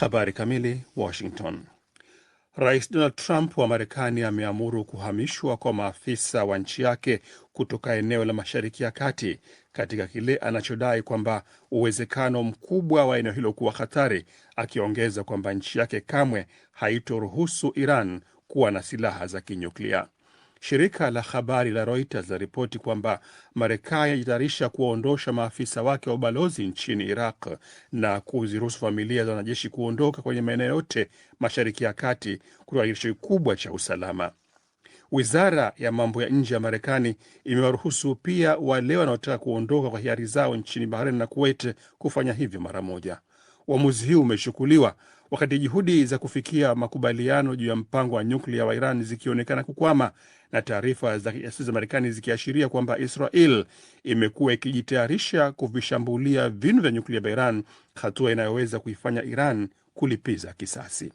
Habari kamili. Washington. Rais Donald Trump wa Marekani ameamuru kuhamishwa kwa maafisa wa nchi yake kutoka eneo la Mashariki ya Kati katika kile anachodai kwamba uwezekano mkubwa wa eneo hilo kuwa hatari, akiongeza kwamba nchi yake kamwe haitoruhusu Iran kuwa na silaha za kinyuklia. Shirika la habari la Reuters laripoti kwamba Marekani yajitayarisha kuwaondosha maafisa wake wa ubalozi nchini Iraq na kuziruhusu familia za wanajeshi kuondoka kwenye maeneo yote Mashariki ya Kati kutoka kitisho kikubwa cha usalama. Wizara ya mambo ya nje ya Marekani imewaruhusu pia wale wanaotaka kuondoka kwa hiari zao nchini Bahrain na Kuwait kufanya hivyo mara moja. Uamuzi huu umechukuliwa wakati juhudi za kufikia makubaliano juu ya mpango wa nyuklia wa Iran zikionekana kukwama na taarifa za kijasusi za Marekani zikiashiria kwamba Israel imekuwa ikijitayarisha kuvishambulia vinu vya nyuklia vya Iran, hatua inayoweza kuifanya Iran kulipiza kisasi.